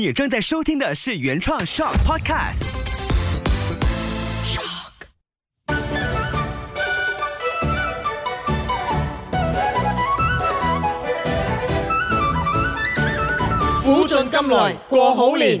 你正在收聽的是原創 Shock Podcast。Shock，虎進金來過好年，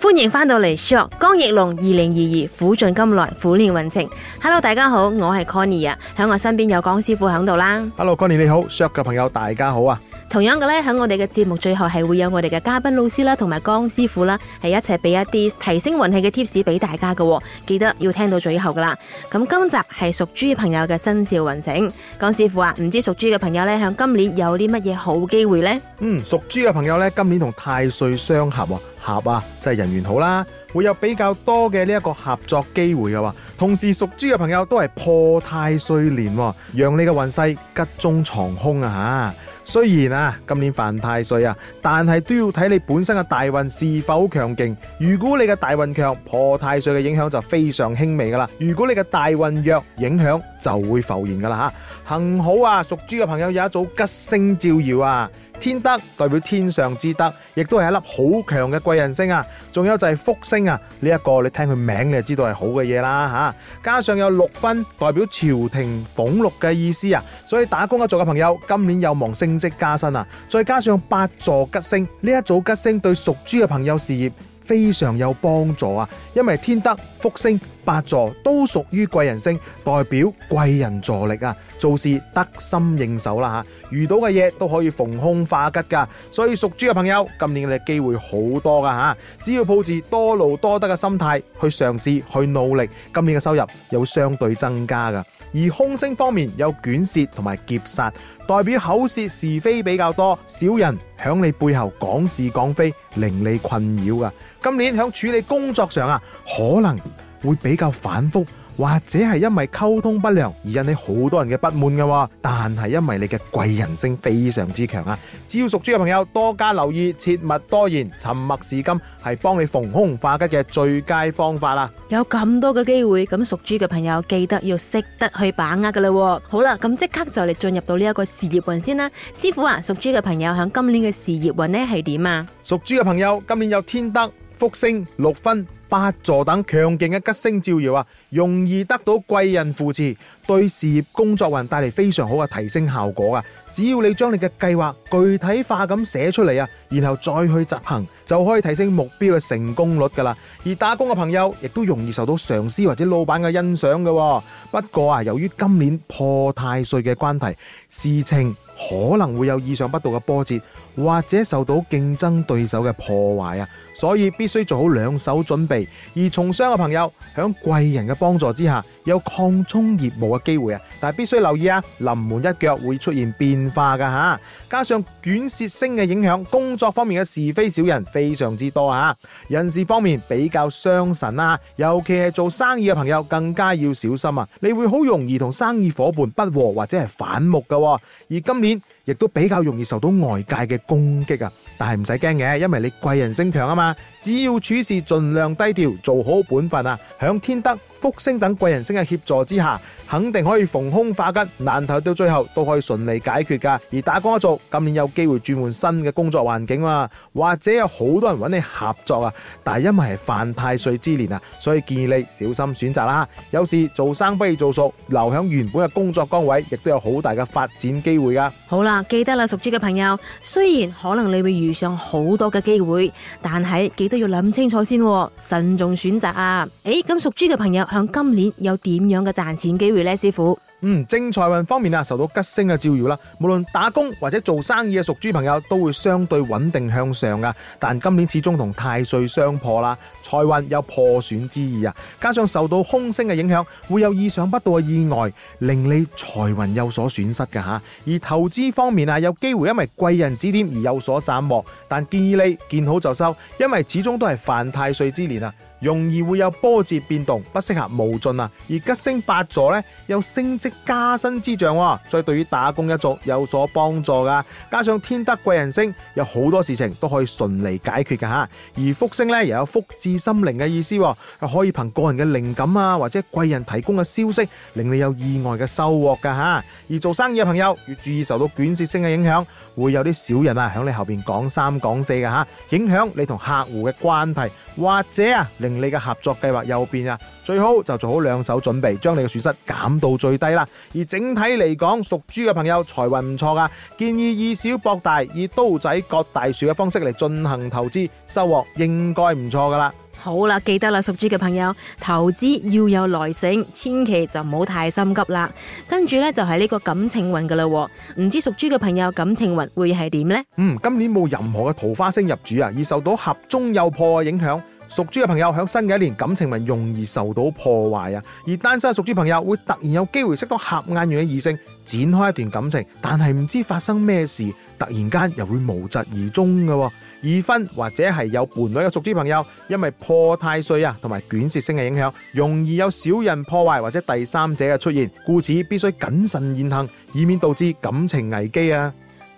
歡迎返到嚟 Shock 江奕龍二零二二虎進金來虎年運程。Hello，大家好，我係 Connie 啊，喺我身邊有江師傅喺度啦。Hello Connie 你好，Shock 嘅朋友大家好啊。同樣嘅咧，喺我哋嘅節目最後係會有我哋嘅嘉賓老師啦，同埋江師傅啦，係一齊俾一啲提升運氣嘅 tips 俾大家嘅，哦。記得要聽到最後噶啦。咁今集係屬豬朋友嘅生肖運程。江師傅啊，唔知屬豬嘅朋友咧，響今年有啲乜嘢好機會呢？嗯，屬豬嘅朋友咧，今年同太歲相合，啊，合啊，就係、是、人緣好啦，會有比較多嘅呢一個合作機會嘅話。同時屬豬嘅朋友都係破太歲年，讓你嘅運勢吉中藏凶啊！吓，雖然啊今年犯太歲啊，但係都要睇你本身嘅大運是否強勁。如果你嘅大運強，破太歲嘅影響就非常輕微噶啦。如果你嘅大運弱，影響就會浮現噶啦吓。幸好啊，屬豬嘅朋友有一組吉星照耀啊！天德代表天上之德，亦都係一粒好強嘅貴人星啊！仲有就係福星啊！呢一個你聽佢名你就知道係好嘅嘢啦吓。加上有祿勳，代表朝廷俸祿嘅意思啊！所以打工一族嘅朋友今年有望升職加薪啊！再加上八座吉星，呢一組吉星對屬豬嘅朋友事業非常有幫助啊！因為天德、福星、八座都屬於貴人星，代表貴人助力啊，做事得心應手啦吓。遇到嘅嘢都可以逢凶化吉噶，所以屬豬嘅朋友，今年嘅機會好多噶吓，只要抱住多勞多得嘅心態去嘗試去努力，今年嘅收入有相對增加噶。而空星方面有卷舌同埋劫殺，代表口舌是非比較多，小人響你背後講是講非，令你困擾噶。今年響處理工作上啊，可能會比較反覆或者係因為溝通不良而引起好多人嘅不滿嘅，但係因為你嘅貴人星非常之強啊！只要屬豬嘅朋友多加留意，切勿多言，沉默是金，係幫你逢凶化吉嘅最佳方法啦。有咁多嘅機會，咁屬豬嘅朋友記得要識得去把握噶啦。好啦，咁即刻就嚟進入到呢一個事業運先啦。師傅啊，屬豬嘅朋友響今年嘅事業運呢係點啊？屬豬嘅朋友今年有天德、福星、祿勳、八座等強勁嘅吉星照耀啊，容易得到貴人扶持，對事業工作運帶嚟非常好嘅提升效果啊！只要你將你嘅計劃具體化噉寫出嚟啊！然後再去執行，就可以提升目標嘅成功率噶啦。而打工嘅朋友亦都容易受到上司或者老闆嘅欣賞嘅。不過啊，由於今年破太歲嘅關係，事情可能會有意想不到嘅波折，或者受到競爭對手嘅破壞啊。所以必須做好兩手準備。而從商嘅朋友喺貴人嘅幫助之下，有擴充業務嘅機會啊，但係必須留意啊，臨門一腳會出現變化噶吓。加上卷舌星嘅影響，工作方面嘅是非小人非常之多啊。人事方面比較傷神啊，尤其係做生意嘅朋友更加要小心啊。你會好容易同生意伙伴不和或者係反目噶。而今年亦都比較容易受到外界嘅攻擊啊，但係唔使驚嘅，因為你貴人星強啊嘛。只要處事盡量低調，做好本分啊，響天德。福星等貴人星嘅協助之下，肯定可以逢凶化吉，難題到最後都可以順利解決噶。而打工一族今年有機會轉換新嘅工作環境啊，或者有好多人揾你合作啊。但係因為係犯太歲之年啊，所以建議你小心選擇啦。有時做生不如做熟，留響原本嘅工作崗位亦都有好大嘅發展機會啊。好啦，記得啦，屬豬嘅朋友，雖然可能你會遇上好多嘅機會，但係記得要諗清楚先、啊，慎重選擇啊。誒、欸，咁屬豬嘅朋友。向今年有點樣嘅賺錢機會呢？師傅，嗯，正財運方面啊，受到吉星嘅照耀啦，無論打工或者做生意嘅屬豬朋友都會相對穩定向上噶。但今年始終同太歲相破啦，財運有破損之意啊。加上受到空星嘅影響，會有意想不到嘅意外，令你財運有所損失嘅吓。而投資方面啊，有機會因為貴人指點而有所斬獲，但建議你見好就收，因為始終都係犯太歲之年啊。容易會有波折變動，不適合冒進啊！而吉星八座咧有升職加薪之象，所以對於打工一族有所幫助噶。加上天德貴人星，有好多事情都可以順利解決嘅嚇。而福星呢，又有福至心靈嘅意思，可以憑個人嘅靈感啊，或者貴人提供嘅消息，令你有意外嘅收穫噶嚇。而做生意嘅朋友要注意受到卷舌星嘅影響，會有啲小人啊喺你後邊講三講四嘅嚇，影響你同客戶嘅關係或者啊。你嘅合作計劃又變啊！最好就做好兩手準備，將你嘅損失減到最低啦。而整體嚟講，屬豬嘅朋友財運唔錯噶，建議以小博大，以刀仔割大樹嘅方式嚟進行投資，收穫應該唔錯噶啦。好啦，記得啦，屬豬嘅朋友，投資要有耐性，千祈就唔好太心急啦。跟住呢，就係、是、呢個感情運噶啦，唔知屬豬嘅朋友感情運會係點呢？嗯，今年冇任何嘅桃花星入主啊，而受到合中有破嘅影響。屬豬嘅朋友喺新嘅一年感情運容易受到破壞啊！而單身屬豬朋友會突然有機會識到合眼緣嘅異性，展開一段感情，但係唔知發生咩事，突然間又會無疾而終嘅。已婚或者係有伴侶嘅屬豬朋友，因為破太歲啊同埋卷舌星嘅影響，容易有小人破壞或者第三者嘅出現，故此必須謹慎言行，以免導致感情危機啊！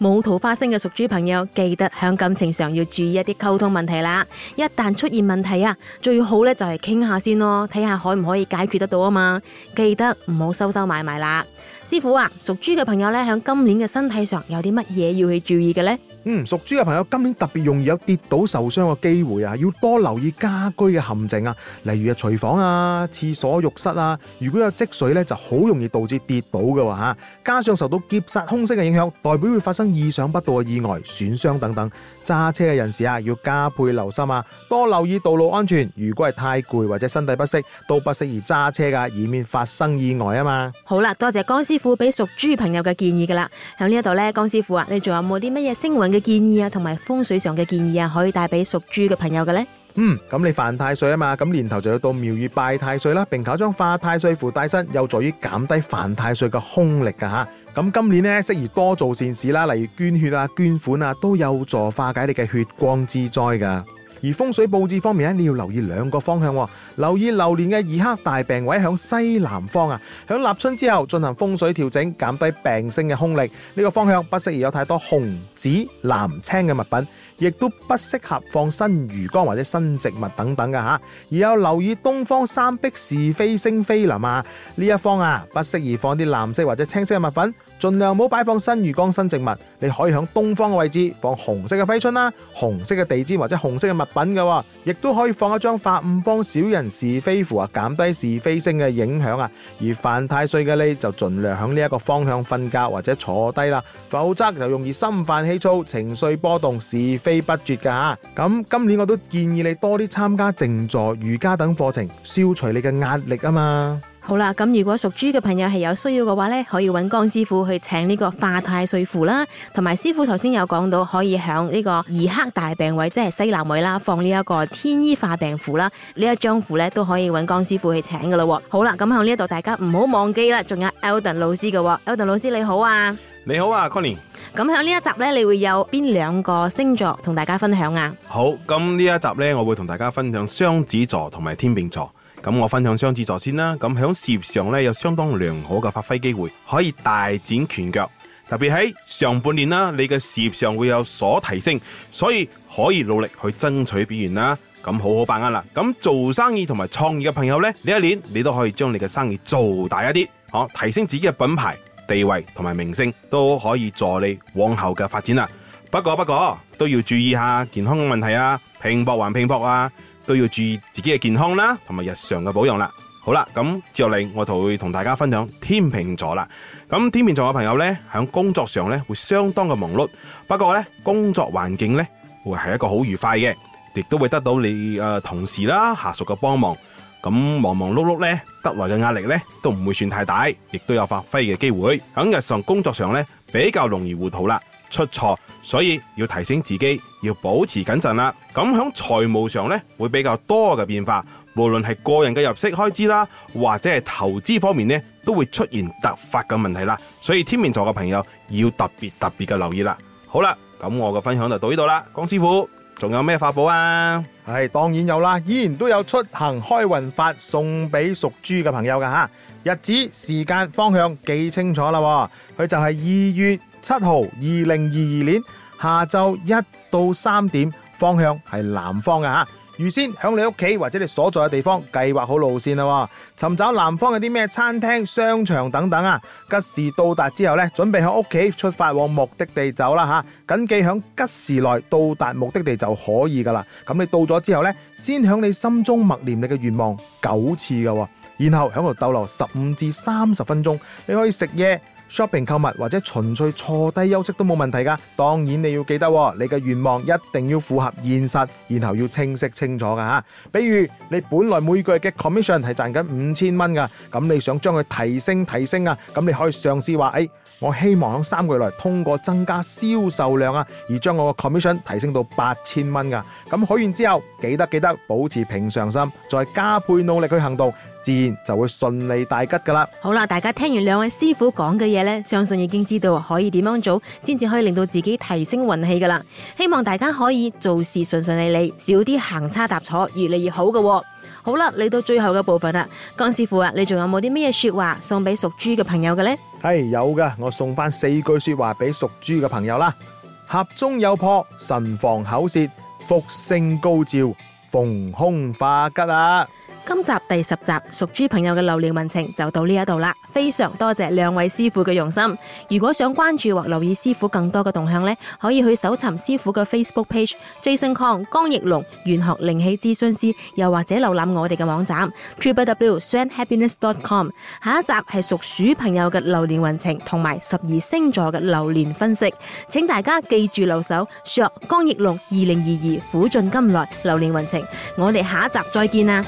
冇桃花星嘅屬豬朋友，記得喺感情上要注意一啲溝通問題啦。一旦出現問題啊，最好呢就係傾下先咯，睇下可唔可以解決得到啊嘛。記得唔好收收埋埋啦。師傅啊，屬豬嘅朋友呢，喺今年嘅身體上有啲乜嘢要去注意嘅呢？嗯，屬豬嘅朋友今年特別容易有跌倒受傷嘅機會啊，要多留意家居嘅陷阱啊，例如啊廚房啊、廁所浴室啊，如果有積水咧，就好容易導致跌倒嘅㗎。加上受到劫煞空色嘅影響，代表會發生意想不到嘅意外損傷等等。揸車嘅人士啊，要加倍留心啊，多留意道路安全。如果係太攰或者身體不適，都不適宜揸車㗎，以免發生意外啊嘛。好啦，多謝江師傅俾屬豬朋友嘅建議㗎啦。喺呢一度呢，江師傅啊，你仲有冇啲乜嘢星運？嘅建議啊，同埋風水上嘅建議啊，可以帶俾屬豬嘅朋友嘅呢？嗯，咁你犯太歲啊嘛，咁年頭就要到廟宇拜太歲啦，並搞張化太歲符帶身，有助於減低犯太歲嘅凶力噶吓。咁今年呢，適宜多做善事啦，例如捐血啊、捐款啊，都有助化解你嘅血光之災噶。而風水布置方面咧，你要留意兩個方向，留意流年嘅二黑大病位響西南方啊，響立春之後進行風水調整，減低病星嘅凶力。呢、這個方向不適宜有太多紅紫藍青嘅物品，亦都不適合放新魚缸或者新植物等等嘅吓。而有留意東方三碧是非星飛臨啊呢一方啊，不適宜放啲藍色或者青色嘅物品。盡量唔好擺放新魚缸、新植物。你可以響東方位置放紅色嘅揮春啦、紅色嘅地氈或者紅色嘅物品嘅，亦都可以放一張法五方小人是非符啊，減低是非星嘅影響啊。而犯太歲嘅呢，就盡量響呢一個方向瞓覺或者坐低啦，否則就容易心煩氣躁、情緒波動、是非不絕噶。咁今年我都建議你多啲參加靜坐、瑜伽等課程，消除你嘅壓力啊嘛。好啦，咁如果屬豬嘅朋友係有需要嘅話呢，可以揾江師傅去請呢個化太歲符啦。同埋師傅頭先有講到，可以響呢個二黑大病位，即係西南位啦，放呢一個天醫化病符啦。呢一張符呢都可以揾江師傅去請噶咯。好啦，咁響呢一度大家唔好忘記、e、啦。仲有 Eldon 老師嘅，Eldon 老師你好啊，你好啊 Connie，咁響呢一集呢，你會有邊兩個星座同大家分享啊？好，咁呢一集呢，我會同大家分享雙子座同埋天秤座。咁我分享雙子座先啦，咁喺事業上咧有相當良好嘅發揮機會，可以大展拳腳，特別喺上半年啦，你嘅事業上會有所提升，所以可以努力去爭取表現啦，咁好好把握啦。咁做生意同埋創業嘅朋友呢，呢一年你都可以將你嘅生意做大一啲，好提升自己嘅品牌地位同埋名聲，都可以助你往後嘅發展啦。不過不過都要注意下健康嘅問題啊，拼搏還拼搏啊！都要注意自己嘅健康啦，同埋日常嘅保養啦。好啦，咁接落嚟我就會同大家分享天秤座啦。咁天秤座嘅朋友呢，響工作上呢會相當嘅忙碌，不過呢，工作環境呢會係一個好愉快嘅，亦都會得到你誒、呃、同事啦、下屬嘅幫忙。咁忙忙碌碌碌呢，得來嘅壓力呢都唔會算太大，亦都有發揮嘅機會。響日常工作上呢，比較容易糊塗啦。出錯，所以要提醒自己，要保持謹慎啦。咁響財務上咧，會比較多嘅變化。無論係個人嘅入息開支啦，或者係投資方面咧，都會出現突發嘅問題啦。所以天秤座嘅朋友要特別特別嘅留意啦。好啦，咁我嘅分享就到呢度啦。江師傅，仲有咩法寶啊？係當然有啦，依然都有出行開運法送俾屬豬嘅朋友噶吓。日子、時間、方向記清楚啦、啊，佢就係二月。七號二零二二年下晝一到三點，方向係南方噶吓。預先響你屋企或者你所在嘅地方計劃好路線啦，尋找南方有啲咩餐廳、商場等等啊。吉時到達之後呢，準備響屋企出發往目的地走啦吓。謹記響吉時內到達目的地就可以噶啦。咁你到咗之後呢，先響你心中默念你嘅願望九次㗎喎，然後響度逗留十五至三十分鐘，你可以食嘢。shopping 購物或者純粹坐低休息都冇問題㗎。當然你要記得，你嘅願望一定要符合現實，然後要清晰清楚㗎嚇。比如你本來每個月嘅 commission 係賺緊五千蚊㗎，咁你想將佢提升提升啊，咁你可以嘗試話誒。哎我希望喺三個月內，通過增加銷售量啊，而將我個 commission 提升到八千蚊噶。咁、嗯、許完之後記得記得保持平常心，再加倍努力去行動，自然就會順利大吉噶啦。好啦，大家聽完兩位師傅講嘅嘢咧，相信已經知道可以點樣做先至可以令到自己提升運氣噶啦。希望大家可以做事順順利利，少啲行差踏錯，越嚟越好噶。好啦，嚟到最後嘅部分啦，江師傅啊，你仲有冇啲咩說話送俾屬豬嘅朋友嘅呢？係有噶，我送翻四句說話俾屬豬嘅朋友啦。合中有破，慎防口舌，福星高照，逢凶化吉啊！今集第十集屬豬朋友嘅流年運程就到呢一度啦。非常多謝兩位師傅嘅用心。如果想關注或留意師傅更多嘅動向呢，可以去搜尋師傅嘅 Facebook page Jason Kong 江奕龍玄學靈氣諮詢師，又或者瀏覽我哋嘅網站 t u b w s h a n d h a p p i n e s s c o m 下一集係屬鼠朋友嘅流年運程同埋十二星座嘅流年分析，請大家記住留守。s h a w t 江奕龍二零二二虎進金來流年運程。我哋下一集再見啊！